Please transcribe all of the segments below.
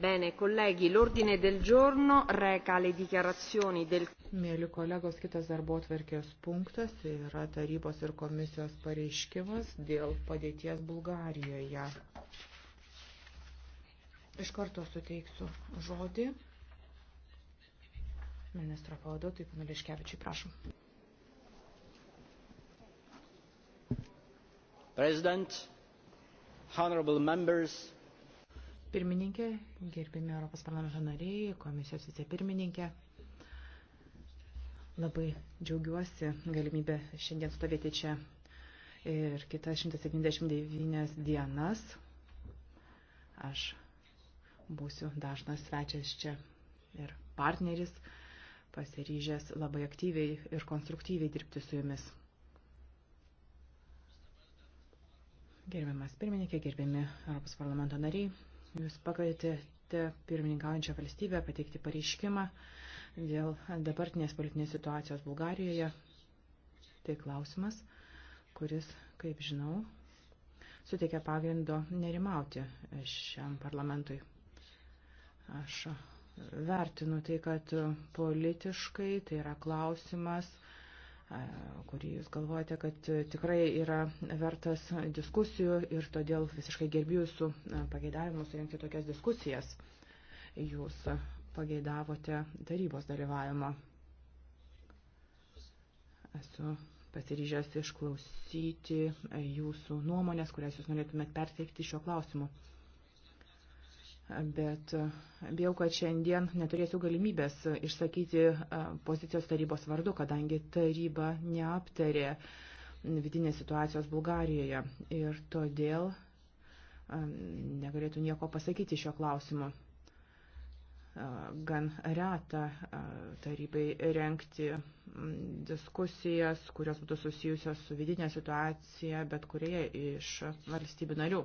Bene, colleghi, l'ordine del giorno reca le dichiarazioni del... Mėly kolegos, kitas darbo atverkės punktas yra tarybos ir komisijos pareiškimas dėl padėties Bulgarijoje. Iš karto suteiksiu žodį. Ministro pavaduotojai, Panališkevičiai, prašom. President, honorable members, pirmininkė, gerbimi Europos parlamento nariai, komisijos vicepirmininkė. Labai džiaugiuosi galimybę šiandien stovėti čia ir kitas 179 dienas. Aš būsiu dažnas svečias čia ir partneris, pasiryžęs labai aktyviai ir konstruktyviai dirbti su jumis. Gerbiamas pirmininkė, gerbiami Europos parlamento nariai, Jūs pakvietėte pirmininkaujančią valstybę pateikti pareiškimą dėl dabartinės politinės situacijos Bulgarijoje. Tai klausimas, kuris, kaip žinau, suteikia pagrindo nerimauti šiam parlamentui. Aš vertinu tai, kad politiškai tai yra klausimas, kurį jūs galvojate, kad e, tikrai yra vertas diskusijų ir todėl visiškai gerbiu jūsų pageidavimus rengti tokias diskusijas. Jūs pageidavote tarybos dalyvavimo. Esu pasiryžęs išklausyti jūsų nuomonės, kurias jūs norėtumėt perteikti šiuo klausimu bet e, bijau, kad šiandien neturėsiu galimybės išsakyti e, pozicijos tarybos vardu, kadangi taryba neaptarė vidinės situacijos Bulgarijoje ir todėl e, negalėtų nieko pasakyti šio klausimu. Gan reta tarybai renkti diskusijas, kurios būtų susijusios su vidinė situacija, bet kurie iš valstybių narių.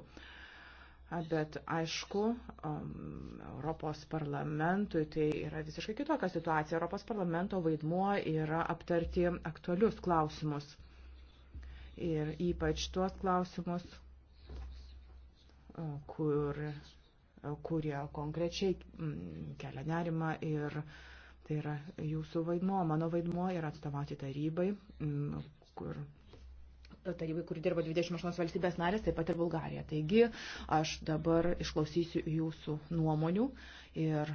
Bet aišku, um, Europos parlamentui tai yra visiškai kitokia situacija. Europos parlamento vaidmuo yra aptarti aktualius klausimus. Ir ypač tuos klausimus, uh, kur, uh, kurie konkrečiai mm, kelia nerima ir tai yra jūsų vaidmuo. Mano vaidmuo yra atstovauti tarybai, mm, kur tarybai, kur dirba 28 valstybės narės, taip pat ir Bulgarija. Taigi aš dabar išklausysiu jūsų nuomonių ir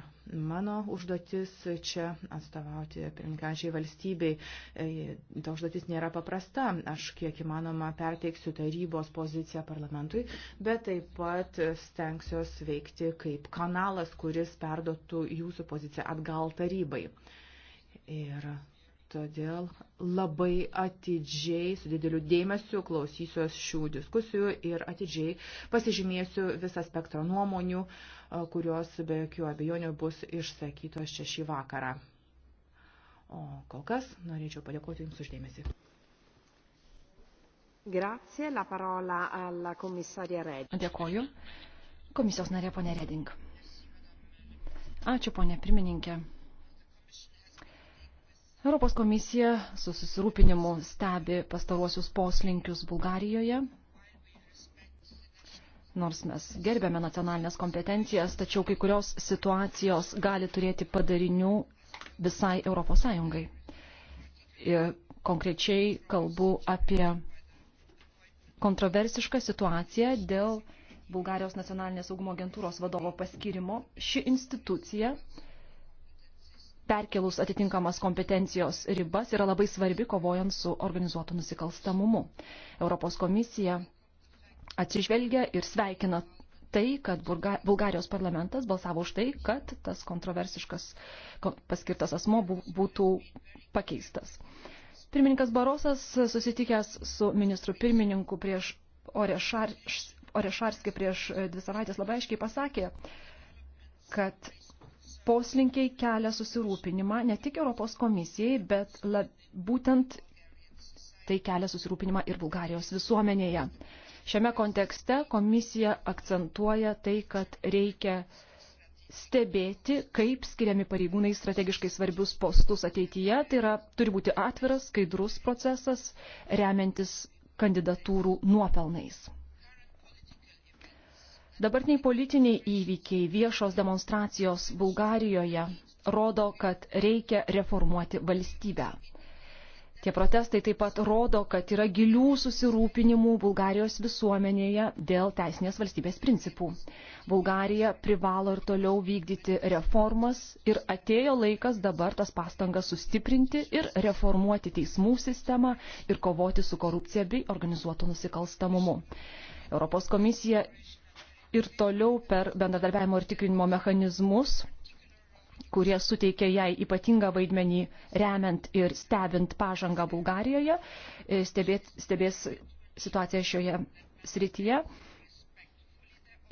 mano užduotis čia atstovauti pirmininkančiai valstybei. E, ta užduotis nėra paprasta. Aš kiek įmanoma perteiksiu tarybos poziciją parlamentui, bet taip pat stengsiuos veikti kaip kanalas, kuris perdotų jūsų poziciją atgal tarybai. Ir Todėl labai atidžiai, su dideliu dėmesiu klausysiuos šių diskusijų ir atidžiai pasižymėsiu visą spektrą nuomonių, kurios be jokių abejonių bus išsakytos čia šį vakarą. O kol kas norėčiau padėkoti Jums uždėmesi. Grazie, la parola alla komisarė Reding. Dėkoju. Komisijos narė ponė Reding. Ačiū ponė pirmininkė. Europos komisija su susirūpinimu stebi pastaruosius poslinkius Bulgarijoje. Nors mes gerbėme nacionalinės kompetencijas, tačiau kai kurios situacijos gali turėti padarinių visai Europos Sąjungai. Ir konkrečiai kalbu apie kontroversišką situaciją dėl Bulgarijos nacionalinės saugumo agentūros vadovo paskirimo. Ši institucija uh, perkelus atitinkamas kompetencijos ribas yra labai svarbi kovojant su organizuotu nusikalstamumu. Europos komisija atsižvelgia ir sveikina tai, kad Bulgarijos parlamentas balsavo už tai, kad tas kontroversiškas paskirtas asmo būtų pakeistas. Pirmininkas Barosas susitikęs su ministru pirmininku prieš Orešarskį prieš dvi savaitės labai aiškiai pasakė, kad poslinkiai kelia susirūpinimą ne tik Europos komisijai, bet lab, būtent tai kelia susirūpinimą ir Bulgarijos visuomenėje. Šiame kontekste komisija akcentuoja tai, kad reikia stebėti, kaip skiriami pareigūnai strategiškai svarbius postus ateityje. Tai yra, turi būti atviras, skaidrus procesas, remiantis kandidatūrų nuopelnais. Dabartiniai politiniai įvykiai, viešos demonstracijos Bulgarijoje rodo, kad reikia reformuoti valstybę. Tie protestai taip pat rodo, kad yra gilių susirūpinimų Bulgarijos visuomenėje dėl teisinės valstybės principų. Bulgarija privalo ir toliau vykdyti reformas ir atėjo laikas dabar tas pastangas sustiprinti ir reformuoti teismų sistemą ir kovoti su korupcija bei organizuotu nusikalstamumu. Europos komisija ir toliau per bendradarbiavimo ir tikrinimo mechanizmus, kurie suteikia jai ypatingą vaidmenį remiant ir stebint pažangą Bulgarijoje, e, stebės, stebės situaciją šioje srityje.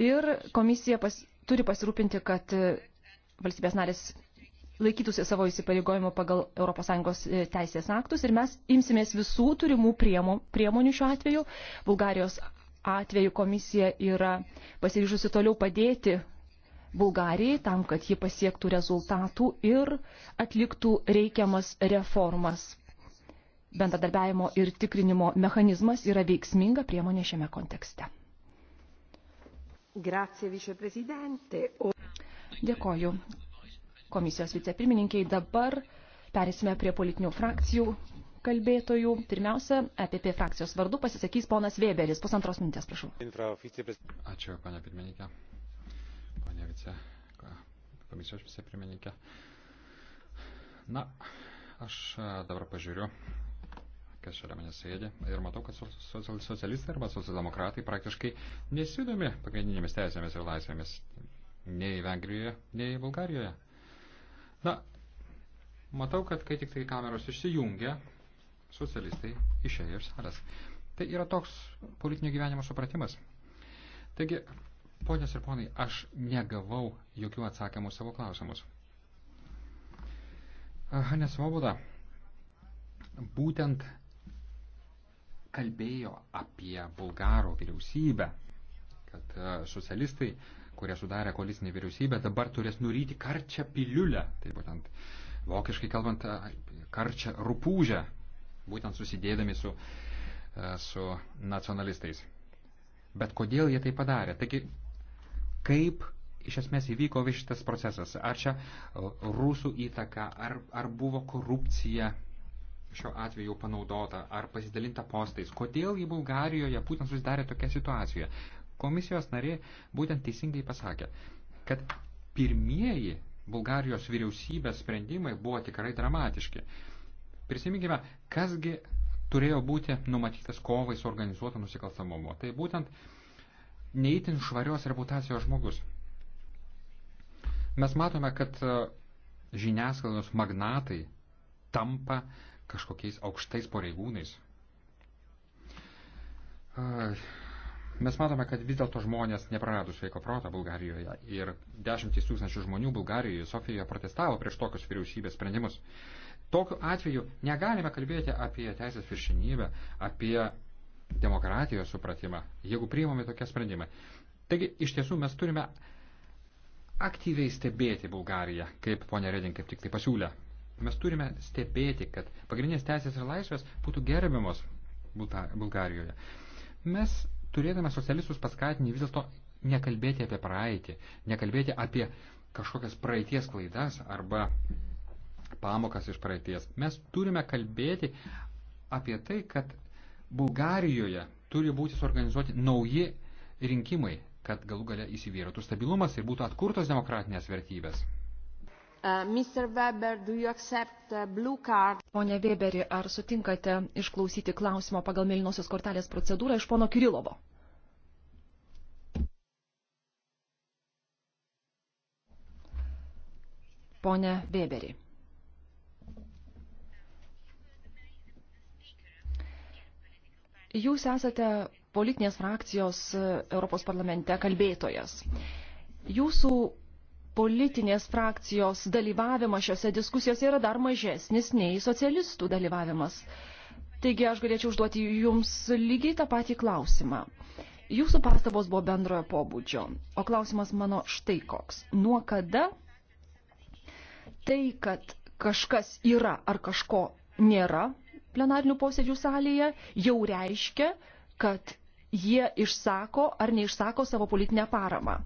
Ir komisija pas, turi pasirūpinti, kad e, valstybės narės laikytųsi savo įsipareigojimų pagal ES e, teisės aktus ir mes imsimės visų turimų priemonių šiuo atveju Bulgarijos atveju komisija yra pasiryžusi toliau padėti Bulgarijai tam, kad ji pasiektų rezultatų ir atliktų reikiamas reformas. Bendradarbiavimo ir tikrinimo mechanizmas yra veiksminga priemonė šiame kontekste. Grazie, o... Dėkoju komisijos vicepirmininkiai. Dabar perėsime prie politinių frakcijų kalbėtojų. Pirmiausia, EPP frakcijos vardu pasisakys ponas Weberis. Pusantros minutės, prašau. Ačiū, pane pirmininkė. Pane vice komisijos vicepirmininkė. Na, aš e, dabar pažiūriu, kas šalia manęs sėdi ir matau, kad socialistai arba socialdemokratai praktiškai nesidomi pagrindinėmis teisėmis ir laisvėmis nei Vengrijoje, nei Bulgarijoje. Na, matau, kad kai tik tai kameros išsijungia, socialistai išėjo iš salės. Tai yra toks politinio gyvenimo supratimas. Taigi, ponios ir ponai, aš negavau jokių atsakymų savo klausimus. Nesvoboda būtent kalbėjo apie Bulgaro vyriausybę, kad e, socialistai, kurie sudarė koalicinį vyriausybę, dabar turės nuryti karčią piliulę, tai būtent vokiškai kalbant, e, karčią rupūžę būtent susidėdami su, e, su nacionalistais. Bet kodėl jie tai padarė? Taigi, kaip iš esmės įvyko vis šitas procesas? Ar čia rusų įtaka, ar, ar buvo korupcija šiuo atveju panaudota, ar pasidalinta postais? Kodėl į Bulgarijoje būtent susidarė tokia situacija? Komisijos narė būtent teisingai pasakė, kad pirmieji Bulgarijos vyriausybės sprendimai buvo tikrai dramatiški. Prisiminkime, kasgi turėjo būti numatytas kovai su organizuotu nusikalstamumu. Tai būtent neįtin švarios reputacijos žmogus. Mes matome, kad e, žiniasklaidos magnatai tampa kažkokiais aukštais pareigūnais. Ai. Mes matome, kad vis dėlto žmonės neprarado sveiko proto Bulgarijoje ir dešimtys tūkstančių žmonių Bulgarijoje, Sofijoje protestavo prieš tokius vyriausybės sprendimus. Tokiu atveju negalime kalbėti apie teisės viršinybę, apie demokratijos supratimą, jeigu priimame tokie sprendimai. Taigi, iš tiesų, mes turime aktyviai stebėti Bulgariją, kaip ponė Redin kaip tik tai pasiūlė. Mes turime stebėti, kad pagrindinės teisės ir laisvės būtų gerbiamos Bulgarijoje. Mes turėdami socialistus paskatini vis dėlto nekalbėti apie praeitį, nekalbėti apie kažkokias praeities klaidas arba pamokas iš praeities. Mes turime kalbėti apie tai, kad Bulgarijoje turi būti suorganizuoti nauji rinkimai, kad galų gale įsivyrėtų stabilumas ir būtų atkurtos demokratinės vertybės. Uh, Weber, uh, Pone Weberi, ar sutinkate išklausyti klausimo pagal Melinosios kortelės procedūrą iš pono Kirilovo? ponę Weberį. Jūs esate politinės frakcijos e, Europos parlamente kalbėtojas. Jūsų politinės frakcijos dalyvavimas šiuose diskusijose yra dar mažesnis nei socialistų dalyvavimas. Taigi aš galėčiau užduoti jums lygiai tą patį klausimą. Jūsų pastabos buvo bendrojo pobūdžio, o klausimas mano štai koks. Nuo kada Tai, kad kažkas yra ar kažko nėra plenarinių posėdžių salėje, jau reiškia, kad jie išsako ar neišsako savo politinę paramą.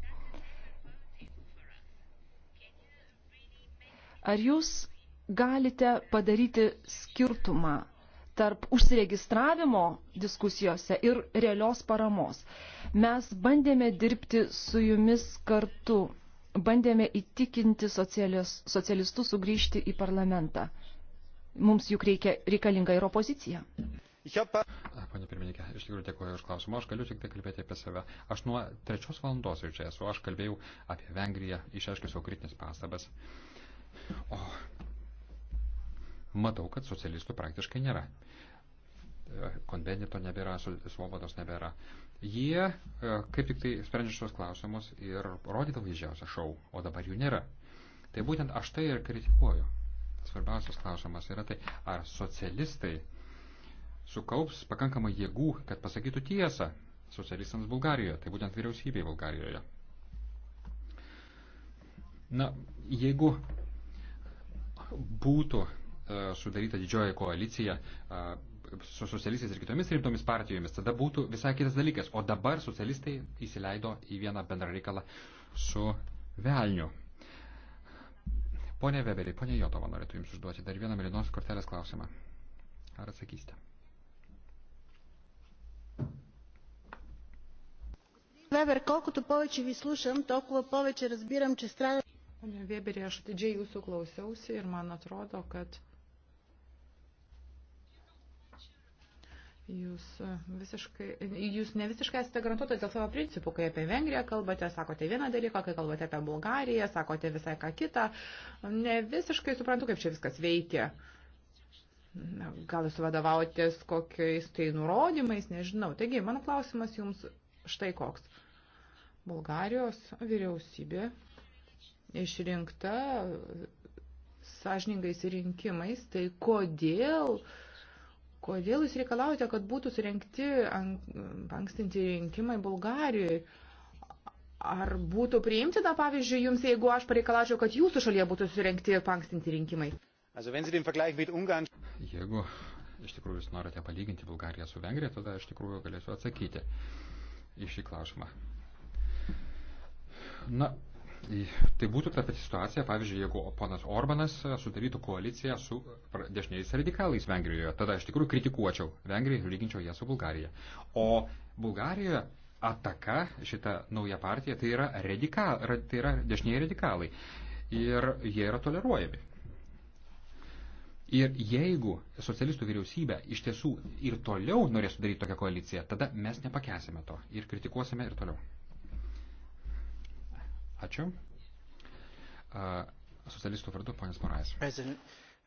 Ar jūs galite padaryti skirtumą tarp užsiregistravimo diskusijose ir realios paramos. Mes bandėme dirbti su jumis kartu bandėme įtikinti socialistus sugrįžti į parlamentą. Mums juk reikia, reikalinga ir opozicija. Pane pirmininkė, iš tikrųjų dėkuoju už klausimą. Aš galiu tik tai kalbėti apie save. Aš nuo trečios valandos jau čia esu. Aš kalbėjau apie Vengriją, išaiškiau savo kritinės pastabas. O matau, kad socialistų praktiškai nėra. Konbenito nebėra, Svobodos nebėra, Jie, e, kaip tik tai sprendžia šios klausimus ir rodydavo didžiausią šau, o dabar jų nėra. Tai būtent aš tai ir kritikuoju. Svarbiausias klausimas yra tai, ar socialistai sukaups pakankamai jėgų, kad pasakytų tiesą socialistams Bulgarijoje, tai būtent vyriausybei Bulgarijoje. Na, jeigu būtų e, sudaryta didžioji koalicija e, su socialistais ir kitomis rimtomis partijomis, tada būtų visai kitas dalykas. O dabar socialistai įsileido į vieną bendrą reikalą su velniu. Pone Weberiai, pone Jotova, norėtų Jums užduoti dar vieną mėlynos kortelės klausimą. Ar atsakysite? Weber, колкото повече ви слушам, толкова повече разбирам, че страда. Pone Weberi, aš atidžiai jūsų klausiausi ir man atrodo, kad Jūs, e, visiškai, jūs ne visiškai esate garantuotas dėl savo principų, kai apie Vengriją kalbate, sakote vieną dalyką, kai kalbate apie Bulgariją, sakote visai ką kitą. Ne visiškai suprantu, kaip čia viskas veikia. Gal jūs vadovaujatės kokiais tai nurodymais, nežinau. Taigi, mano klausimas jums štai koks. Bulgarijos vyriausybė išrinkta sąžiningais rinkimais, tai kodėl uh, Kodėl jūs reikalaujate, kad būtų surinkti ankstinti rinkimai Bulgarijoje? Ar būtų priimtina, pavyzdžiui, jums, jeigu aš pareikalaučiau, kad jūsų šalyje būtų surinkti pankstinti rinkimai? Jeigu iš tikrųjų jūs norite palyginti Bulgariją su Vengrija, tada iš tikrųjų galėsiu atsakyti į šį klausimą. Na, tai būtų ta pati situacija, pavyzdžiui, jeigu ponas Orbanas e, sudarytų koaliciją su e, dešiniais radikalais Vengrijoje, tada aš tikrųjų kritikuočiau Vengriją ir lyginčiau ją su Bulgarija. O Bulgarijoje ataka šita nauja partija tai yra, radikal, tai yra dešiniai radikalai. Ir jie yra toleruojami. Ir jeigu socialistų vyriausybė iš tiesų ir toliau norės sudaryti tokią koaliciją, tada mes nepakesime to ir kritikuosime ir toliau. Ačiū. Socialistų vardu, ponas Morais.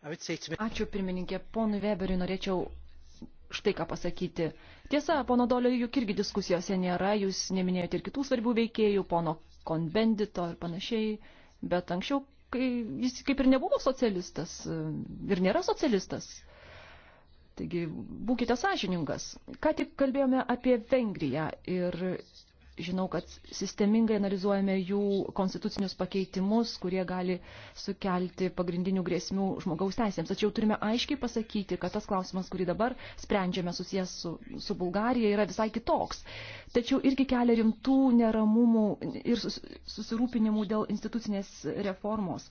Ačiū, pirmininkė. Ponui Weberiui norėčiau štai ką pasakyti. Tiesa, pono Dolio juk irgi diskusijose nėra, jūs neminėjote ir kitų svarbių veikėjų, pono konbendito ir panašiai, bet anksčiau kai, jis kaip ir nebuvo socialistas ir nėra socialistas. Taigi būkite sąžiningas. Ką tik kalbėjome apie Vengriją ir Žinau, kad sistemingai analizuojame jų konstitucinius pakeitimus, kurie gali sukelti pagrindinių grėsmių žmogaus teisėms. Tačiau turime aiškiai pasakyti, kad tas klausimas, kurį dabar sprendžiame susijęs su, su Bulgarija, yra visai kitoks. Tačiau irgi kelia rimtų neramumų ir susirūpinimų dėl institucinės reformos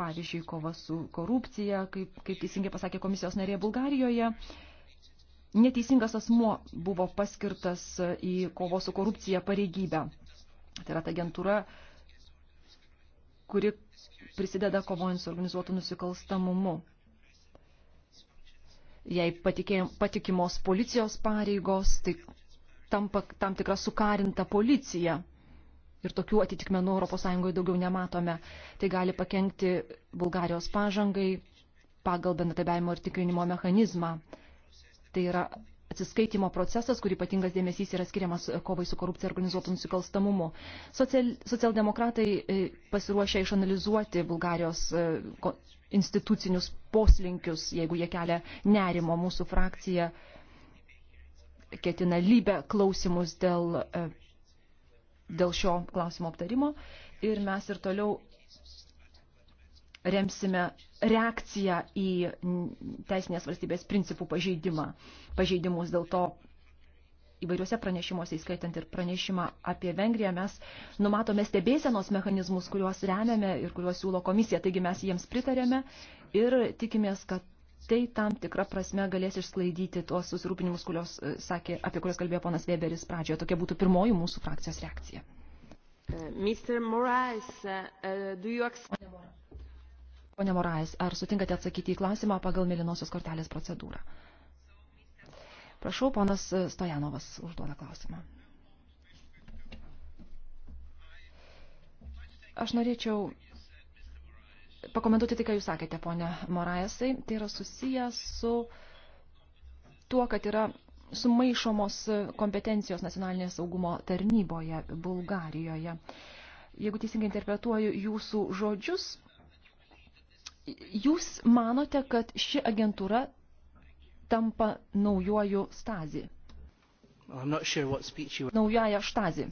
pavyzdžiui, kova su korupcija, kaip, kaip teisingai pasakė komisijos narė Bulgarijoje, neteisingas asmuo buvo paskirtas į kovo su korupcija pareigybę. Tai yra ta agentūra, kuri prisideda kovojant su organizuotu nusikalstamumu. Jei patikimos policijos pareigos, tai tampa tam tikra sukarinta policija. Ir tokių atitikmenų ES daugiau nematome. Tai gali pakengti Bulgarijos pažangai pagal bendradarbiavimo ir tikrinimo mechanizmą. Tai yra atsiskaitimo procesas, kur ypatingas dėmesys yra skiriamas kovai su korupcija ir organizuotų nusikalstamumu. Social, socialdemokratai e, pasiruošia išanalizuoti Bulgarijos e, institucinius poslinkius, jeigu jie kelia nerimo mūsų frakcija ketina lybę klausimus dėl, e, dėl šio klausimo aptarimo. Ir mes ir toliau remsime reakciją į teisinės valstybės principų pažeidimą, pažeidimus. Dėl to įvairiuose pranešimuose, įskaitant ir pranešimą apie Vengriją, mes numatome stebėsenos mechanizmus, kuriuos remiame ir kuriuos siūlo komisija. Taigi mes jiems pritarėme ir tikimės, kad tai tam tikrą prasme galės išsklaidyti tuos susirūpinimus, kurios, e, sakė, apie kuriuos kalbėjo ponas Weberis pradžioje. Tokia būtų pirmoji mūsų frakcijos reakcija. Mr. Morais, uh, uh, do you accept... Pone Morais, ar sutinkate atsakyti į klausimą pagal mėlynosios kortelės procedūrą? Prašau, ponas Stojanovas užduoda klausimą. Aš norėčiau pakomentuoti tai, ką jūs sakėte, ponė Moraisai. Tai yra susiję su tuo, kad yra sumaišomos kompetencijos nacionalinės saugumo tarnyboje Bulgarijoje. Jeigu teisingai interpretuoju jūsų žodžius, Jūs manote, kad ši agentūra tampa naujuoju stazi? Sure you... Naujaja štazi.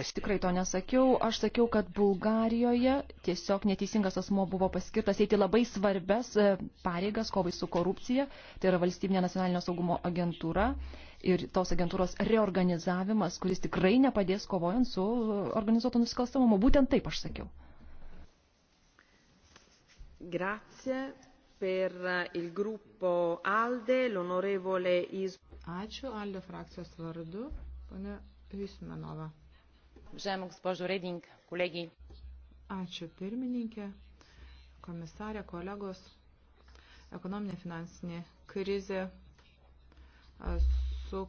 Aš tikrai to nesakiau. Aš sakiau, kad Bulgarijoje tiesiog neteisingas asmo buvo paskirtas eiti labai svarbes e, pareigas kovai su korupcija. Tai yra valstybinė nacionalinio saugumo agentūra ir tos agentūros reorganizavimas, kuris tikrai nepadės kovojant su e, organizuotu nusikalstamumu. Būtent taip aš sakiau. Grazie per eh, il gruppo ALDE, l'onorevole Is. Ačiū ALDE frakcijos vardu, pane Vismanova. Žem, gospožo Reding, kolegi. Ačiū pirmininkė, komisarė, kolegos. Ekonominė finansinė krizė su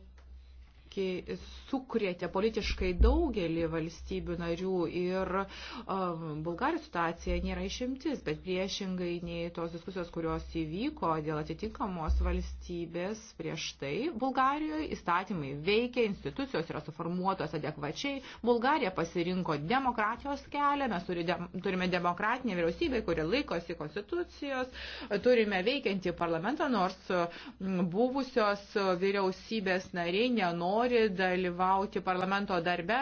įvykiai sukrėtė politiškai daugelį valstybių narių ir um, Bulgarijos situacija nėra išimtis, bet priešingai nei tos diskusijos, kurios įvyko dėl atitinkamos valstybės prieš tai Bulgarijoje, įstatymai veikia, institucijos yra suformuotos adekvačiai, Bulgarija pasirinko demokratijos kelią, mes turime demokratinę vyriausybę, kuri laikosi konstitucijos, turime veikiantį parlamentą, nors buvusios vyriausybės nariai nenori nenori dalyvauti parlamento darbe,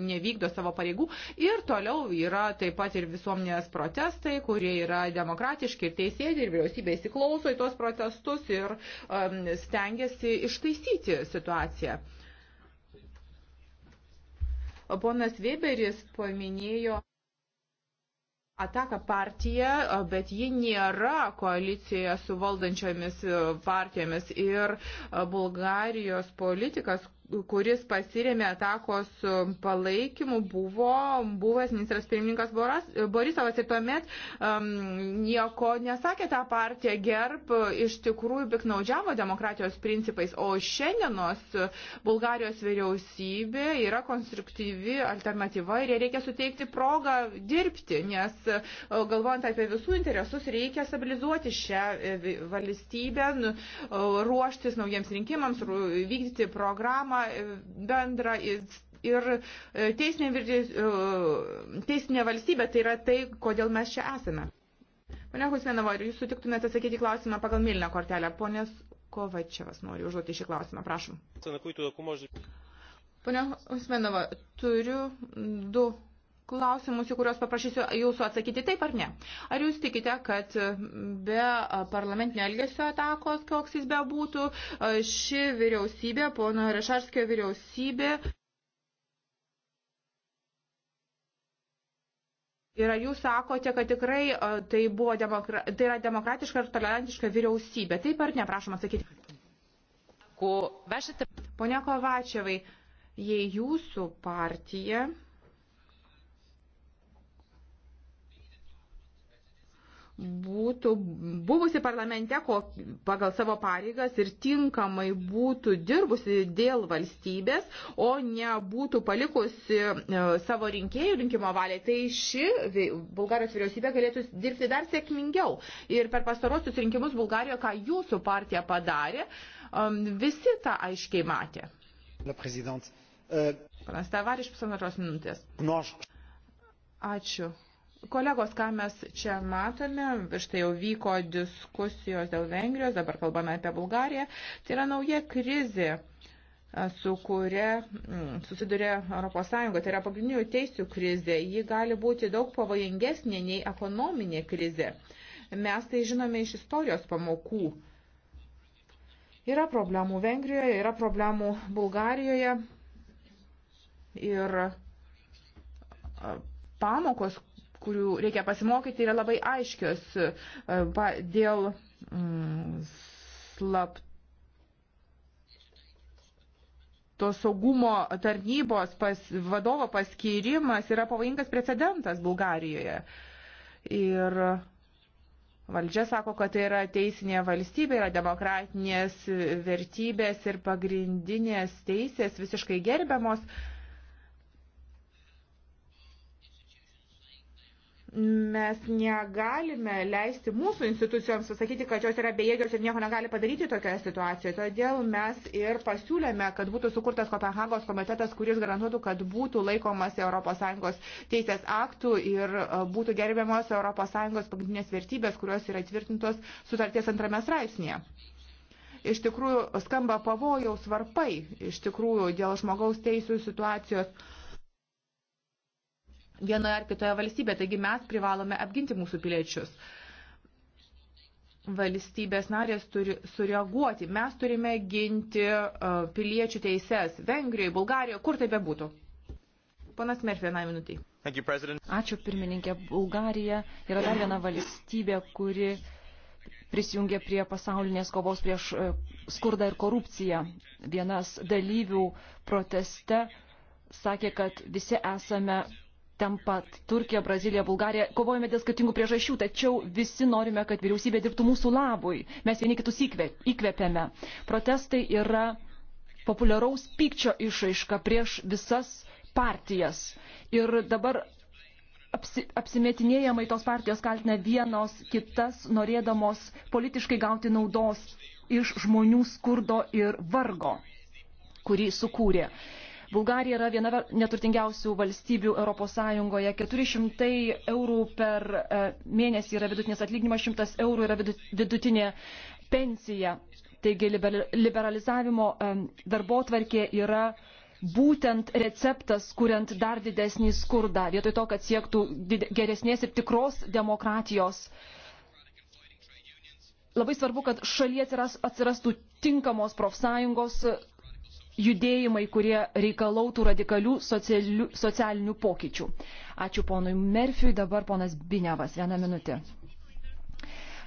nevykdo savo pareigų. Ir toliau yra taip pat ir visuomenės protestai, kurie yra demokratiški ir teisėdi, ir vyriausybė įsiklauso į tuos protestus ir um, stengiasi ištaisyti situaciją. Ponas Weberis paminėjo Ataka partija, bet ji nėra koalicijoje su valdančiomis partijomis ir Bulgarijos politikas, kuris pasirėmė atakos palaikymu, buvo buvęs ministras pirmininkas Boras, Borisovas ir tuomet um, nieko nesakė tą partiją gerb, iš tikrųjų piknaudžiavo demokratijos principais, o šiandienos Bulgarijos vyriausybė yra konstruktyvi alternatyva ir reikia suteikti progą dirbti, nes galvojant apie visų interesus, reikia stabilizuoti šią e, valstybę, ruoštis naujiems rinkimams, vykdyti programą sistemą bendrą ir teisinė, teisinė e, valstybė. Tai yra tai, kodėl mes čia esame. Pane Husmenova, ar jūs sutiktumėte atsakyti klausimą pagal mylinę kortelę? Ponės Kovačiavas nori užduoti šį klausimą, prašom. Pane Husmenova, turiu du klausimus, į kuriuos paprašysiu jūsų atsakyti taip ar ne. Ar jūs tikite, kad be parlamentinio elgesio atakos, koks jis bebūtų, ši vyriausybė, pono Rešarskio vyriausybė. Ir jūs sakote, kad tikrai tai, buvo demokra... tai yra demokratiška ir tolerantiška vyriausybė. Taip ar ne, prašom atsakyti. Pone Kovačiavai, jei jūsų partija būtų buvusi parlamente ko, pagal savo pareigas ir tinkamai būtų dirbusi dėl valstybės, o nebūtų palikusi e, savo rinkėjų rinkimo valiai, tai ši Bulgarijos vyriausybė galėtų dirbti dar sėkmingiau. Ir per pastarosius rinkimus Bulgarijoje, ką jūsų partija padarė, visi tą aiškiai matė. Panas Tavariš, pusantros minutės. Ačiū. Kolegos, ką mes čia matome, štai jau vyko diskusijos dėl Vengrijos, dabar kalbame apie Bulgariją, tai yra nauja krizė su kuria susiduria ES. Tai yra pagrindinių teisių krizė. Ji gali būti daug pavojingesnė nei ekonominė krizė. Mes tai žinome iš istorijos pamokų. Yra problemų Vengrijoje, yra problemų Bulgarijoje. Ir pamokos, kurių reikia pasimokyti, yra labai aiškios e, dėl mm, slaptų to saugumo tarnybos pas, vadovo paskyrimas yra pavojingas precedentas Bulgarijoje. Ir valdžia sako, kad tai yra teisinė valstybė, yra demokratinės vertybės ir pagrindinės teisės visiškai gerbiamos. mes negalime leisti mūsų institucijoms pasakyti, kad jos yra bejėgios ir nieko negali padaryti tokioje situacijoje. Todėl mes ir pasiūlėme, kad būtų sukurtas Kopenhagos komitetas, kuris garantuotų, kad būtų laikomas ES teisės aktų ir e, būtų gerbiamos ES pagrindinės vertybės, kurios yra tvirtintos sutarties antrame straipsnėje. Iš tikrųjų, skamba pavojaus varpai, iš tikrųjų, dėl žmogaus teisų situacijos vienoje ar kitoje valstybėje. Taigi mes privalome apginti mūsų piliečius. Valstybės narės turi sureaguoti. Mes turime ginti uh, piliečių teises Vengrijoje, Bulgarijoje, kur tai bebūtų. Ponas Merfi, vienai minutiai. Ačiū, pirmininkė. Bulgarija yra dar viena valstybė, kuri prisijungė prie pasaulinės kovos prieš uh, skurdą ir korupciją. Vienas dalyvių proteste sakė, kad visi esame ten pat Turkija, Brazilija, Bulgarija, kovojame dėl skirtingų priežasčių, tačiau visi norime, kad vyriausybė dirbtų mūsų labui. Mes vieni kitus įkvepiame. Protestai yra populiaraus pykčio išaiška prieš visas partijas. Ir dabar apsi, apsimetinėjamai tos partijos kaltina vienos kitas, norėdamos politiškai gauti naudos iš žmonių skurdo ir vargo kurį sukūrė. Bulgarija yra viena neturtingiausių valstybių ES. 400 eurų per e, mėnesį yra vidutinės atlyginimas, 100 eurų yra vidutinė pensija. Taigi liberalizavimo e, darbo tvarkė yra būtent receptas, kuriant dar didesnį skurdą, vietoj to, kad siektų geresnės ir tikros demokratijos. Labai svarbu, kad šalyje atsirastų tinkamos profsąjungos judėjimai, kurie reikalautų radikalių socialių, socialinių pokyčių. Ačiū ponui Merfiui, dabar ponas Binevas, vieną minutę.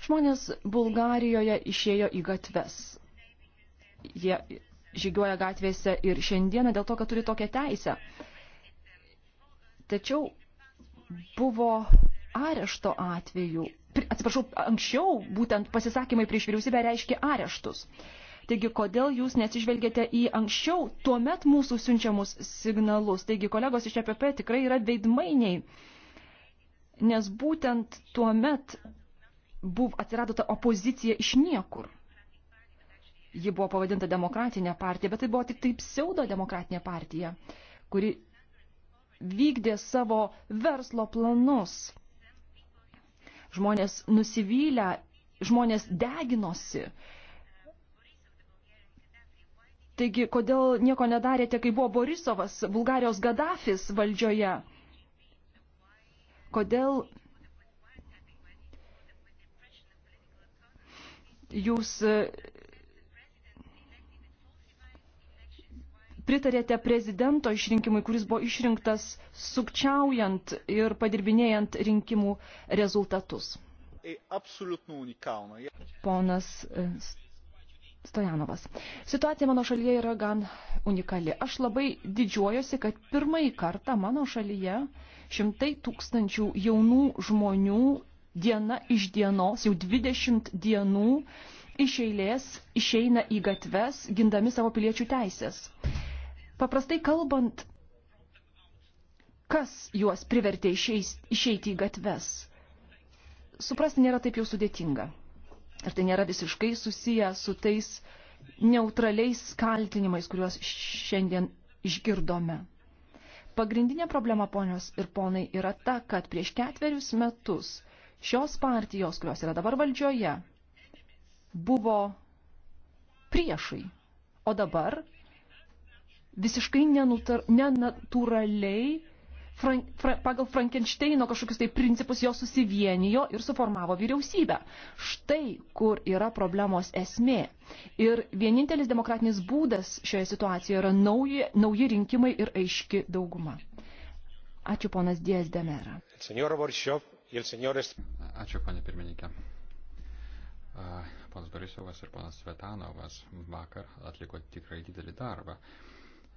Žmonės Bulgarijoje išėjo į gatves. Jie žygiuoja gatvėse ir šiandieną dėl to, kad turi tokią teisę. Tačiau buvo arešto atveju, atsiprašau, anksčiau būtent pasisakymai prieš vyriausybę reiškia areštus. Taigi, kodėl jūs nesižvelgėte į anksčiau tuomet mūsų siunčiamus signalus? Taigi, kolegos iš EPP tikrai yra veidmainiai, nes būtent tuomet buvo atsirado ta opozicija iš niekur. Ji buvo pavadinta demokratinė partija, bet tai buvo tik taip pseudo demokratinė partija, kuri vykdė savo verslo planus. Žmonės nusivylę, žmonės deginosi Taigi, kodėl nieko nedarėte, kai buvo Borisovas, Bulgarijos Gaddafis valdžioje? Kodėl jūs e, pritarėte prezidento išrinkimui, kuris buvo išrinktas sukčiaujant ir padirbinėjant rinkimų rezultatus? E, Ponas e, Stojanovas. Situacija mano šalyje yra gan unikali. Aš labai didžiuojuosi, kad pirmąjį kartą mano šalyje šimtai tūkstančių jaunų žmonių diena iš dienos, jau 20 dienų iš eilės išeina į gatves, gindami savo piliečių teisės. Paprastai kalbant, kas juos privertė išeis, išeiti į gatves? Suprasti nėra taip jau sudėtinga. Ir tai nėra visiškai susiję su tais neutraliais kaltinimais, kuriuos šiandien išgirdome. Pagrindinė problema, ponios ir ponai, yra ta, kad prieš ketverius metus šios partijos, kurios yra dabar valdžioje, buvo priešai. O dabar visiškai nenutar, nenatūraliai frank, fra, pagal Frankensteino kažkokius tai principus jos susivienijo ir suformavo vyriausybę. Štai kur yra problemos esmė. Ir vienintelis demokratinis būdas šioje situacijoje yra nauji, nauji rinkimai ir aiški dauguma. Ačiū ponas Dies Demera. Ačiū, panė pirmininkė. Ponas Borisovas ir ponas Svetanovas vakar atliko tikrai didelį darbą.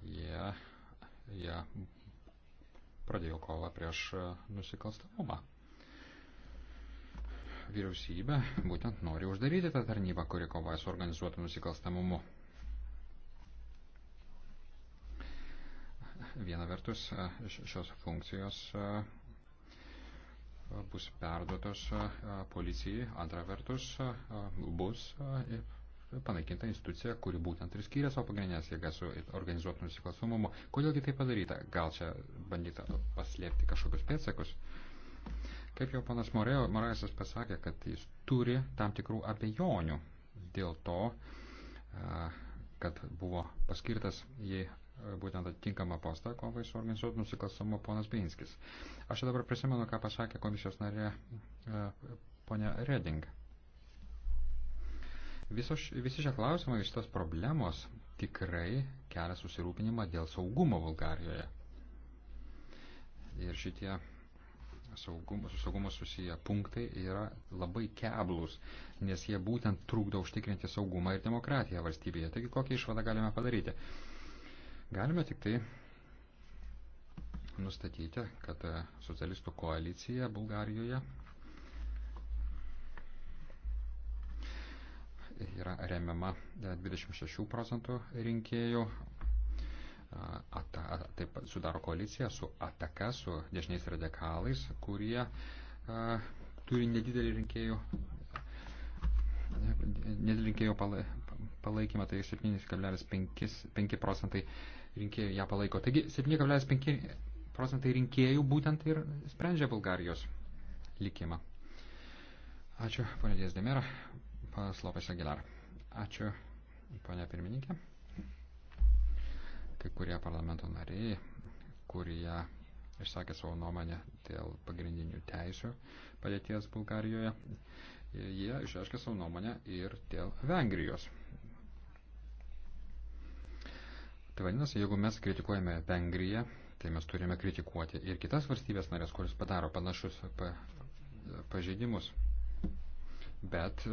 Jie, jie pradėjo kovą prieš nusikalstamumą. Vyriausybė būtent nori uždaryti tą tarnybą, kuri kovoja su organizuotu nusikalstamumu. Viena vertus, šios funkcijos bus perduotos policijai, antra vertus bus panaikinta institucija, kuri būtent ir skyrė savo pagrindinės jėgas su organizuotų nusikalstamumu. Kodėlgi tai padaryta? Gal čia bandyta paslėpti kažkokius pėdsakus? Kaip jau panas Moraisas pasakė, kad jis turi tam tikrų abejonių dėl to, kad buvo paskirtas į būtent atitinkamą postą kovai su organizuotų nusikalstamumu ponas Beinskis. Aš dabar prisimenu, ką pasakė komisijos narė ponia Reding Visos, visi šie klausimai, šitos problemos tikrai kelia susirūpinimą dėl saugumo Bulgarijoje. Ir šitie saugumo, su saugumo susiję punktai yra labai keblus, nes jie būtent trukdo užtikrinti saugumą ir demokratiją valstybėje. Taigi kokią išvadą galime padaryti? Galime tik tai nustatyti, kad e, socialistų koalicija Bulgarijoje yra remiama 26 e, procentų rinkėjų. Ata, taip pat sudaro koaliciją su ataka, su dešiniais radikalais, kurie a, turi nedidelį rinkėjų, nedidelį rinkėjų palaikymą, tai 7,5 procentai rinkėjų ją palaiko. Taigi 7,5 procentai rinkėjų būtent ir sprendžia Bulgarijos likimą. Ačiū, ponė Dėsdemera. Panas Lopes Agilar. Ačiū, ponia pirmininkė. Kai kurie parlamento nariai, kurie išsakė savo nuomonę dėl pagrindinių teisių padėties Bulgarijoje, jie išreiškė savo nuomonę ir dėl Vengrijos. Tai vadinasi, jeigu mes kritikuojame Vengriją, tai mes turime kritikuoti ir kitas valstybės narės, kuris padaro panašus pa, pažeidimus. Bet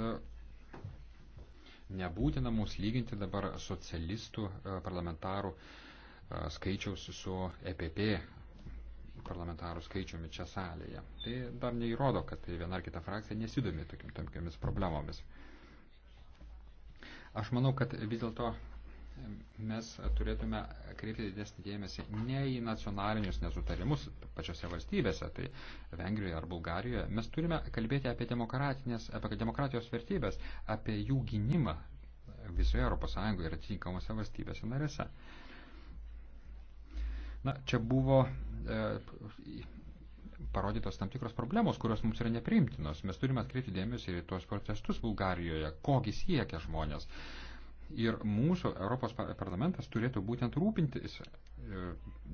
Nebūtina mus lyginti dabar socialistų e, parlamentarų e, skaičiaus su EPP parlamentarų skaičiumi čia salėje. Tai dar neįrodo, kad tai viena ar kita frakcija nesidomi tokiamis problemomis. Aš manau, kad vis dėlto mes turėtume kreipti didesnį dėmesį ne į nacionalinius nesutarimus pačiose valstybėse, tai Vengrijoje ar Bulgarijoje. Mes turime kalbėti apie, apie demokratijos vertybės, apie jų gynimą visoje ES ir atitinkamose valstybėse narėse. Na, čia buvo e, parodytos tam tikros problemos, kurios mums yra nepriimtinos. Mes turime atkreipti dėmesį ir į tuos protestus Bulgarijoje, kogi siekia žmonės. E, Ir mūsų Europos parlamentas turėtų būtent rūpintis e,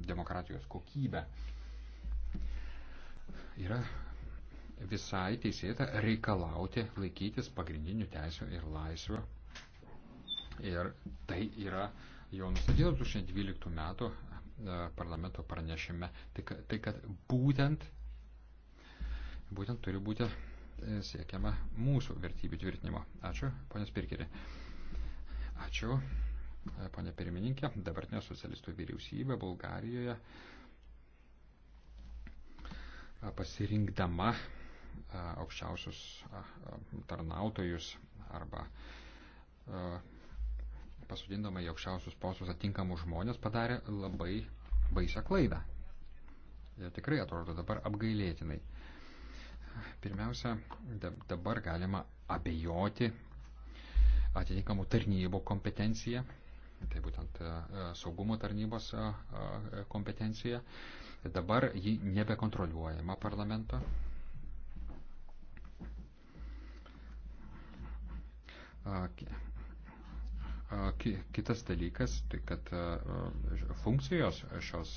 demokratijos kokybę. Yra visai teisėta reikalauti laikytis pagrindinių teisų ir laisvių. Ir tai yra jau nustatyta 2012 metų e, parlamento pranešime, tai, tai kad būtent, būtent turi būti e, siekiama mūsų vertybių tvirtinimo. Ačiū, ponės Pirkerė. Ačiū, ponė pirmininkė. Dabartinė socialistų vyriausybė Bulgarijoje pasirinkdama aukščiausius tarnautojus arba pasudindama į aukščiausius postus atinkamus žmonės padarė labai baisę klaidą. Ir tikrai atrodo dabar apgailėtinai. Pirmiausia, dabar galima abejoti atitinkamų tarnybų kompetencija, tai būtent e, e, saugumo tarnybos e, kompetencija. Dabar ji nebekontroliuojama parlamento. Kitas dalykas, tai kad funkcijos šios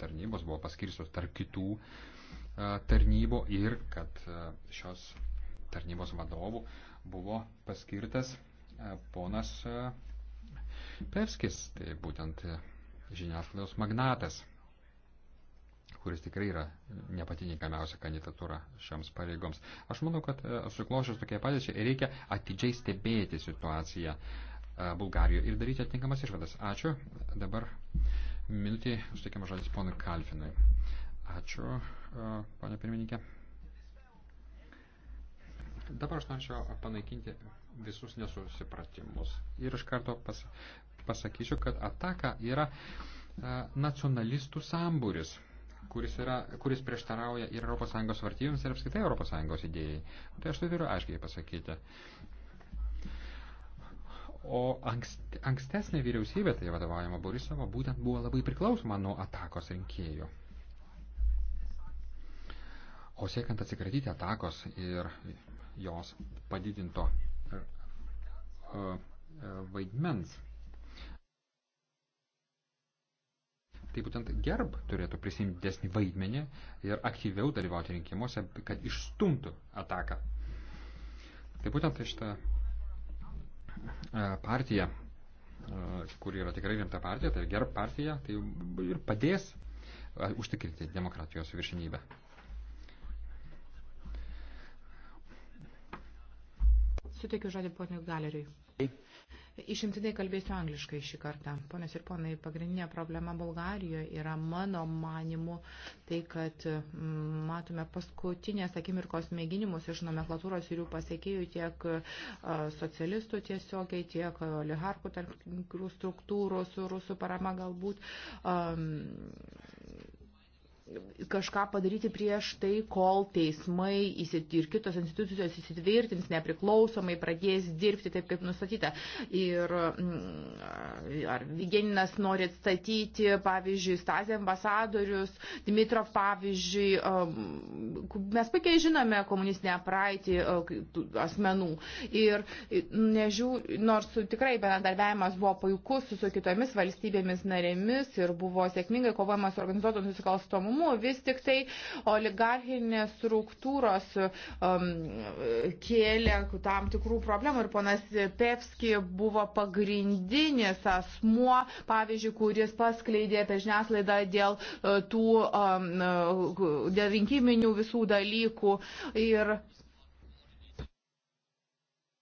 tarnybos buvo paskirstos tarp kitų tarnybų ir kad šios tarnybos vadovų buvo paskirtas ponas Pevskis, tai būtent žiniasklaidos magnatas, kuris tikrai yra nepatininkamiausia kandidatūra šioms pareigoms. Aš manau, kad suklošius tokie padėčiai reikia atidžiai stebėti situaciją Bulgarijoje ir daryti atitinkamas išvadas. Ačiū. Dabar minutį suteikiamas žodis ponui Kalfinui. Ačiū, ponė pirmininkė. Dabar aš norėčiau panaikinti visus nesusipratimus. Ir iš karto pas, pasakysiu, kad ataka yra nacionalistų sambūris, kuris, yra, kuris prieštarauja ir ES vartybėms, ir apskaitai ES idėjai. Tai aš tai turiu aiškiai pasakyti. O ankst, ankstesnė vyriausybė, tai vadovaujama Borisovo, būtent buvo labai priklausoma nuo atakos rinkėjų. O siekiant atsikratyti atakos ir jos padidinto E, vaidmens. Tai būtent gerb turėtų prisimti desnį vaidmenį ir aktyviau dalyvauti rinkimuose, kad išstumtų ataką. Tai būtent tai šitą e, partiją, e, kur yra tikrai rimta partija, tai gerb partija, tai ir padės užtikrinti demokratijos viršinybę. Suteikiu žodį poniu galeriui. Išimtinai kalbėsiu angliškai šį kartą. Ponios ir ponai, pagrindinė problema Bulgarijoje yra mano manimu tai, kad m, mm, matome paskutinės akimirkos mėginimus iš nomenklatūros ir jų pasiekėjų tiek a, socialistų tiesiogiai, tiek oligarkų tarp struktūrų su rusų parama galbūt. A, kažką padaryti prieš tai, kol teismai ir kitos institucijos įsitvirtins nepriklausomai, pradės dirbti taip, kaip nustatyta. Ir mm, ar Vigeninas nori atstatyti, pavyzdžiui, Stazė ambasadorius, Dimitrov, pavyzdžiui, um, mes puikiai žinome komunistinę praeitį uh, asmenų. Ir nežiū, nors tikrai bendradarbiavimas buvo puikus su, su kitomis valstybėmis narėmis ir buvo sėkmingai kovojama su organizuotų nusikalstamumu, įdomu, vis tik tai oligarchinės struktūros um, kėlė tam tikrų problemų ir ponas Pevski buvo pagrindinis asmuo, pavyzdžiui, kuris paskleidė per žiniaslaidą dėl e, tų um, e, dėl rinkiminių visų dalykų. Ir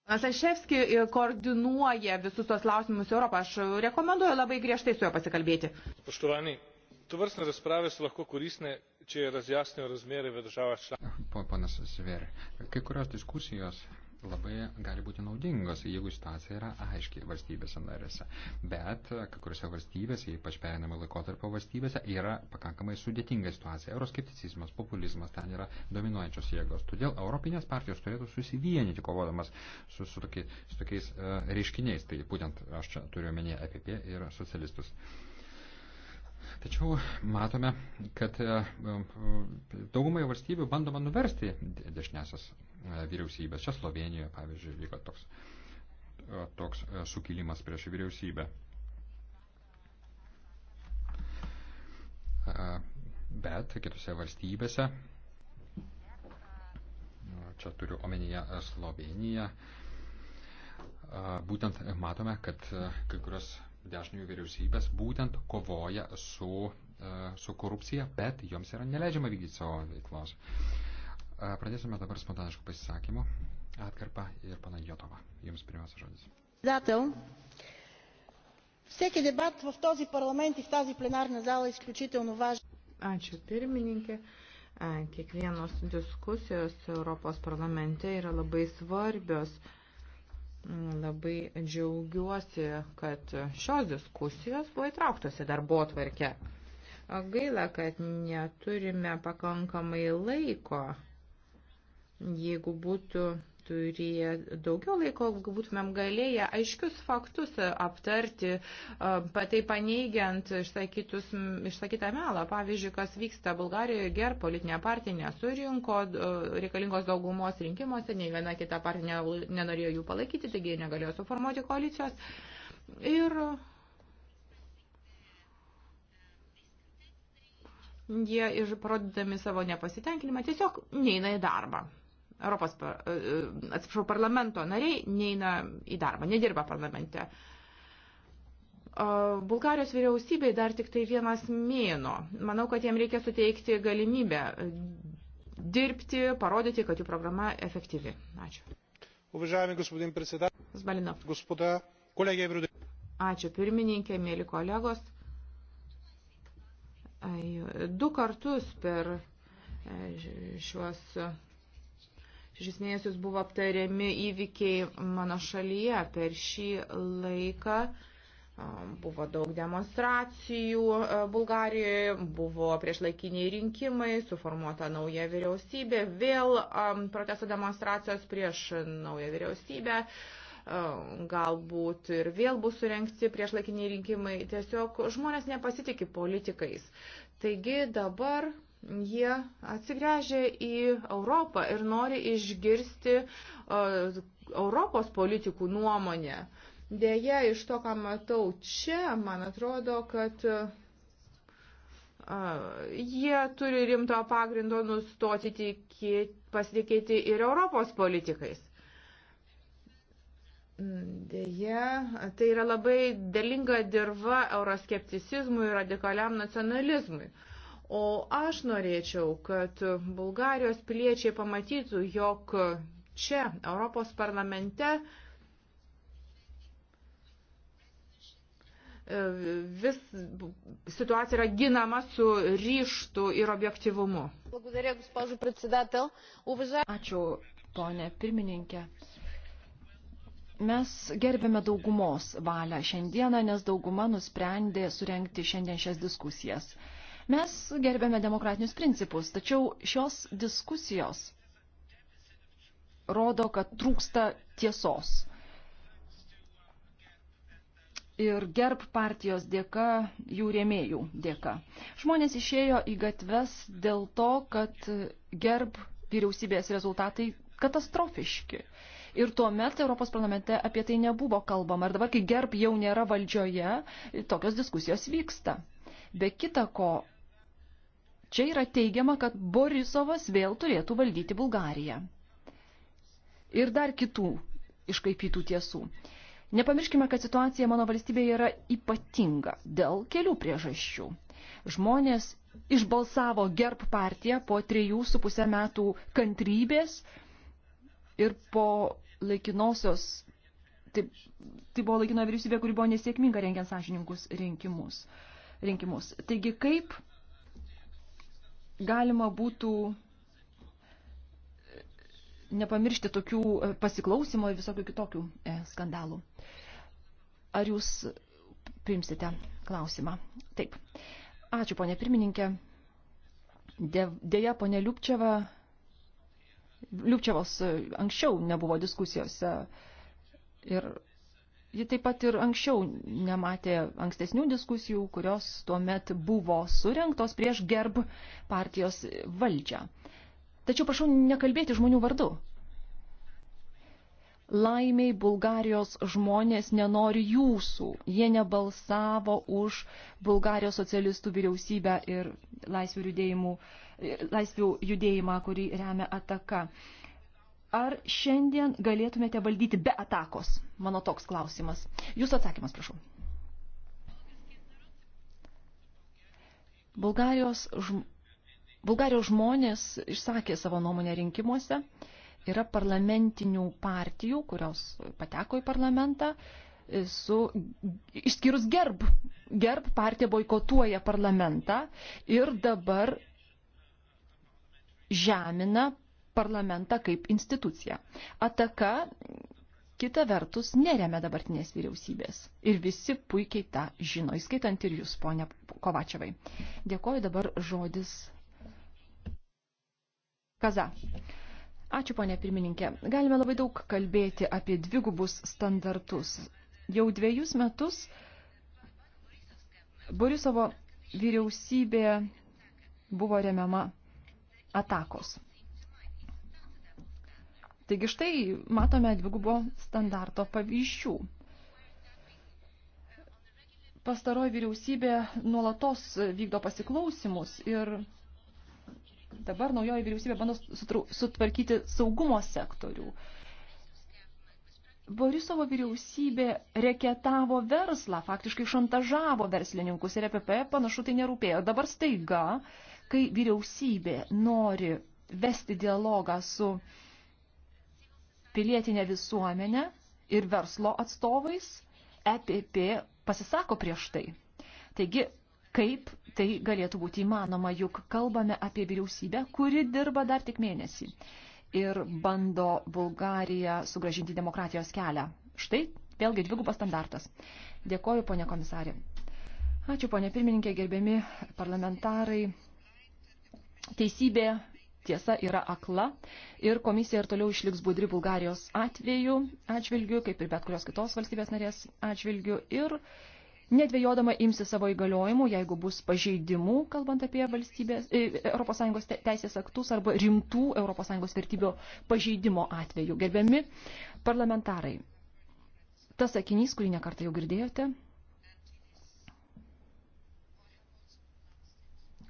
Saševski koordinuoja visus tos klausimus Europą. Aš rekomenduoju labai griežtai su juo pasikalbėti. Poštovani, tovrstne razprave so lahko koristne če razjasnijo razmere v državah članicah. kai kurios diskusijos labai gali būti naudingos, jeigu situacija yra aiški valstybėse narėse. Bet kai kuriuose valstybėse, ypač perinamo laikotarpio valstybėse, yra pakankamai sudėtinga situacija. Euroskepticizmas, populizmas ten yra dominuojančios jėgos. Todėl Europinės partijos turėtų susivienyti kovodamas su, su, tokiai, su tokiais uh, eh, reiškiniais. Tai būtent aš čia turiu omenyje EPP ir socialistus. Uh, Tačiau matome, kad e, e, daugumai valstybių bandoma nuversti dešinėsias e, vyriausybės. Čia Slovenijoje, pavyzdžiui, vyko toks, toks sukilimas prieš vyriausybę. Bet kitose valstybėse, nu, čia turiu omenyje Sloveniją, būtent matome, kad kai kurios dešiniųjų vyriausybės būtent kovoja su, e, su korupcija, bet joms yra neleidžiama vykdyti savo veiklos. E, pradėsime dabar spontaniškų pasisakymų atkarpą ir pana Jotova. Jums pirmiausia žodis. Председател, всеки дебат в този парламент и в тази пленарна зала е изключително важен. Ačiū pirmininkė. Kiekvienos diskusijos Europos parlamente yra labai svarbios. Labai džiaugiuosi, kad šios diskusijos buvo įtrauktos į darbo atvarkę. Gaila, kad neturime pakankamai laiko. Jeigu būtų turėję daugiau laiko, būtumėm galėję aiškius faktus aptarti, um, patai paneigiant išsakytą melą. Pavyzdžiui, kas vyksta Bulgarijoje, ger politinė partija nesurinko uh, reikalingos daugumos rinkimuose, nei viena kita partija nenorėjo jų palaikyti, taigi jie negalėjo suformuoti koalicijos. Ir jie, parodydami savo nepasitenkinimą, tiesiog neina į darbą. Europos, e, e, atsiprašau, parlamento nariai neina į darbą, nedirba parlamente. Bulgarijos vyriausybei dar tik tai vienas mėno. Manau, kad jiem reikia suteikti galimybę dirbti, parodyti, kad jų programa efektyvi. Ačiū. Уважаеми господин председател, господа, колеги евродепутати. Ačiū pirmininkė, mėly kolegos. Ai, du kartus per e, šiuos Šis mėnesius buvo aptariami įvykiai mano šalyje. Per šį laiką buvo daug demonstracijų Bulgarijoje, buvo priešlaikiniai rinkimai, suformuota nauja vyriausybė, vėl protesto demonstracijos prieš naują vyriausybę galbūt ir vėl bus surenkti priešlaikiniai rinkimai. Tiesiog žmonės nepasitikė politikais. Taigi dabar Jie atsigręžia į Europą ir nori išgirsti uh, Europos politikų nuomonę. Deja, iš to, ką matau čia, man atrodo, kad uh, jie turi rimto pagrindo nustoti tikėti, pasitikėti ir Europos politikais. Deja, tai yra labai delinga dirba euroskepticizmui ir radikaliam nacionalizmui. Uh, O aš norėčiau, kad Bulgarijos piliečiai pamatytų, jog čia, Europos parlamente, vis situacija yra ginama su ryštu ir objektivumu. Ačiū, ponė pirmininkė. Mes gerbėme daugumos valią šiandieną, nes dauguma nusprendė surenkti šiandien šias diskusijas. Mes gerbėme demokratinius principus, tačiau šios diskusijos rodo, kad trūksta tiesos. Ir gerb partijos dėka, jų rėmėjų dėka. Žmonės išėjo į gatves dėl to, kad gerb vyriausybės rezultatai katastrofiški. Ir tuo metu Europos parlamente apie tai nebuvo kalbama. Ir dabar, kai gerb jau nėra valdžioje, tokios diskusijos vyksta. Be kita ko, Čia yra teigiama, kad Borisovas vėl turėtų valdyti Bulgariją. Ir dar kitų iškaipytų tiesų. Nepamirškime, kad situacija mano valstybėje yra ypatinga dėl kelių priežasčių. Žmonės išbalsavo gerb partiją po trejų su pusę metų kantrybės ir po laikinosios, tai, tai buvo laikino vyriausybė, kuri buvo nesėkminga rengiant sąžininkus rinkimus. rinkimus. Taigi kaip galima būtų nepamiršti tokių e, pasiklausimo ir visokių kitokių e, skandalų. Ar jūs priimsite klausimą? Taip. Ačiū, ponė pirmininkė. Deja, ponė Liupčiava, Liupčiavos e, anksčiau nebuvo diskusijose ir ji taip pat ir anksčiau nematė ankstesnių diskusijų, kurios tuomet buvo surinktos prieš gerb partijos valdžią. Tačiau prašau nekalbėti žmonių vardu. Laimiai Bulgarijos žmonės nenori jūsų. Jie nebalsavo už Bulgarijos socialistų vyriausybę ir laisvių, laisvių judėjimą, kurį remia ataka ar šiandien galėtumėte valdyti be atakos? Mano toks klausimas. Jūsų atsakymas, prašau. Bulgarijos, žm... Bulgarijos žmonės išsakė savo nuomonę rinkimuose. Yra parlamentinių partijų, kurios pateko į parlamentą, e, su, išskyrus gerb. Gerb partija boikotuoja parlamentą ir dabar žemina parlamentą kaip instituciją. Ataka, kita vertus, neremia dabartinės vyriausybės. Ir visi puikiai tą žino, įskaitant ir jūs, ponia Kovačiavai. Dėkoju dabar žodis. Kaza. Ačiū, ponė pirmininkė. Galime labai daug kalbėti apie dvigubus standartus. Jau dviejus metus Borisovo vyriausybė buvo remiama atakos. Taigi štai matome dvigubo standarto pavyzdžių. Pastaroji vyriausybė nuolatos vykdo pasiklausimus ir dabar naujoji vyriausybė bando sutvarkyti saugumo sektorių. Borisovo vyriausybė reketavo verslą, faktiškai šantažavo verslininkus ir EPP panašu tai nerūpėjo. Dabar staiga, kai vyriausybė nori vesti dialogą su uh, pilietinė visuomenė ir verslo atstovais EPP pasisako prieš tai. Taigi, kaip tai galėtų būti įmanoma, juk kalbame apie vyriausybę, kuri dirba dar tik mėnesį ir bando Bulgariją sugražinti demokratijos kelią. Štai vėlgi dvigubas standartas. Dėkoju, ponė komisarė. Ačiū, ponė pirmininkė, gerbiami parlamentarai. Teisybė tiesa yra akla ir komisija ir toliau išliks budri Bulgarijos atveju atžvilgiu, kaip ir bet kurios kitos valstybės narės atžvilgiu ir nedvėjodama imsi savo įgaliojimų, jeigu bus pažeidimų, kalbant apie valstybės, ES teisės aktus arba rimtų ES vertybio pažeidimo atveju. Gerbiami parlamentarai, tas sakinys, kurį nekartą jau girdėjote,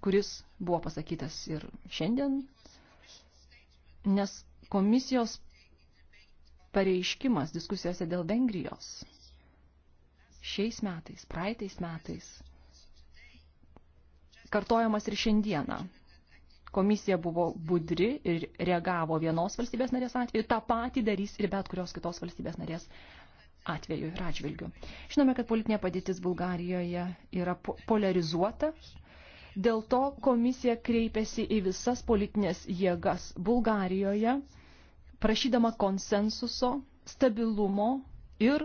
kuris buvo pasakytas ir šiandien nes komisijos pareiškimas diskusijose dėl Vengrijos šiais metais, praeitais metais, kartojamas ir šiandieną. Komisija buvo budri ir reagavo vienos valstybės narės atveju, tą patį darys ir bet kurios kitos valstybės narės atveju ir atžvilgiu. Žinome, kad politinė padėtis Bulgarijoje yra polarizuota, Dėl to komisija kreipėsi į visas politinės jėgas Bulgarijoje, prašydama konsensuso, stabilumo ir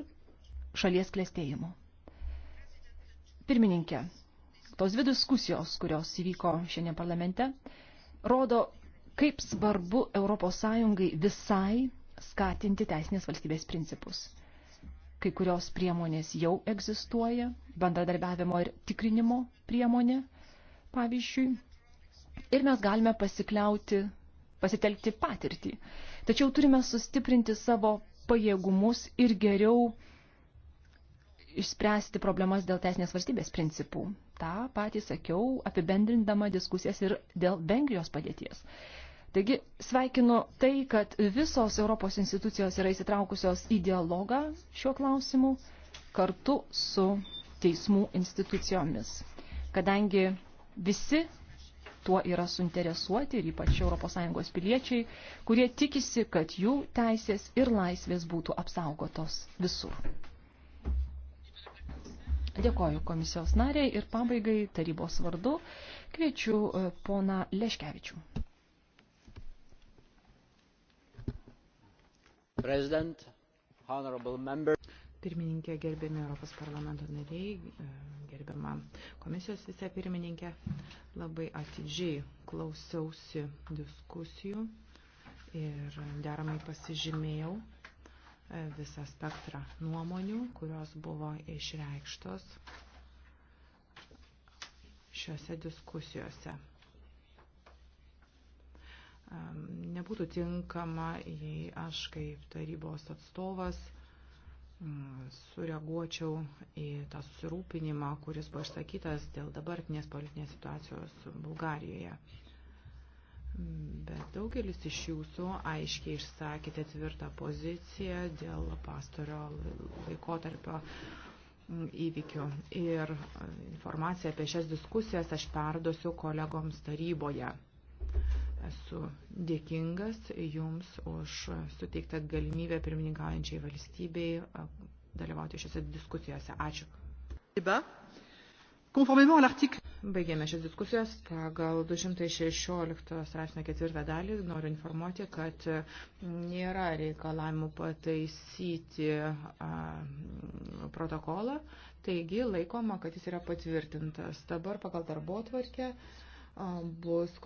šalies klėstėjimo. Pirmininkė, tos dvi diskusijos, kurios įvyko šiandien parlamente, rodo, kaip svarbu ES visai skatinti teisinės valstybės principus. Kai kurios priemonės jau egzistuoja, bendradarbiavimo ir tikrinimo priemonė, pavyzdžiui, ir mes galime pasikliauti, pasitelkti patirtį. Tačiau turime sustiprinti savo pajėgumus ir geriau išspręsti problemas dėl teisinės valstybės principų. Ta patį sakiau, apibendrindama diskusijas ir dėl Vengrijos padėties. Taigi sveikinu tai, kad visos Europos institucijos yra įsitraukusios į dialogą šiuo klausimu kartu su teismų institucijomis, kadangi visi tuo yra suinteresuoti ir ypač ES piliečiai, kurie tikisi, kad jų teisės ir laisvės būtų apsaugotos visur. Dėkoju komisijos nariai ir pabaigai tarybos vardu kviečiu e, pona Leškevičių. President, honorable members pirmininkė, gerbiami Europos parlamento nariai, e, gerbiama komisijos vicepirmininkė, labai atidžiai klausiausi diskusijų ir deramai pasižymėjau e, visą spektrą nuomonių, kurios buvo išreikštos šiuose diskusijose nebūtų tinkama, jei aš kaip tarybos atstovas sureaguočiau į tą susirūpinimą, kuris buvo išsakytas dėl dabartinės politinės situacijos Bulgarijoje. Bet daugelis iš jūsų aiškiai išsakėte tvirtą poziciją dėl pastario laikotarpio įvykių. Ir informaciją apie šias diskusijas aš perduosiu kolegoms taryboje. Esu dėkingas Jums už suteiktą galimybę pirmininkaujančiai valstybei dalyvauti šiose diskusijose. Ačiū. Baigėme šias diskusijas pagal 216 straipsnio ketvirtą dalį. Noriu informuoti, kad nėra reikalavimų pataisyti a, protokolą, taigi laikoma, kad jis yra patvirtintas. Dabar pagal darbo tvarkę bus.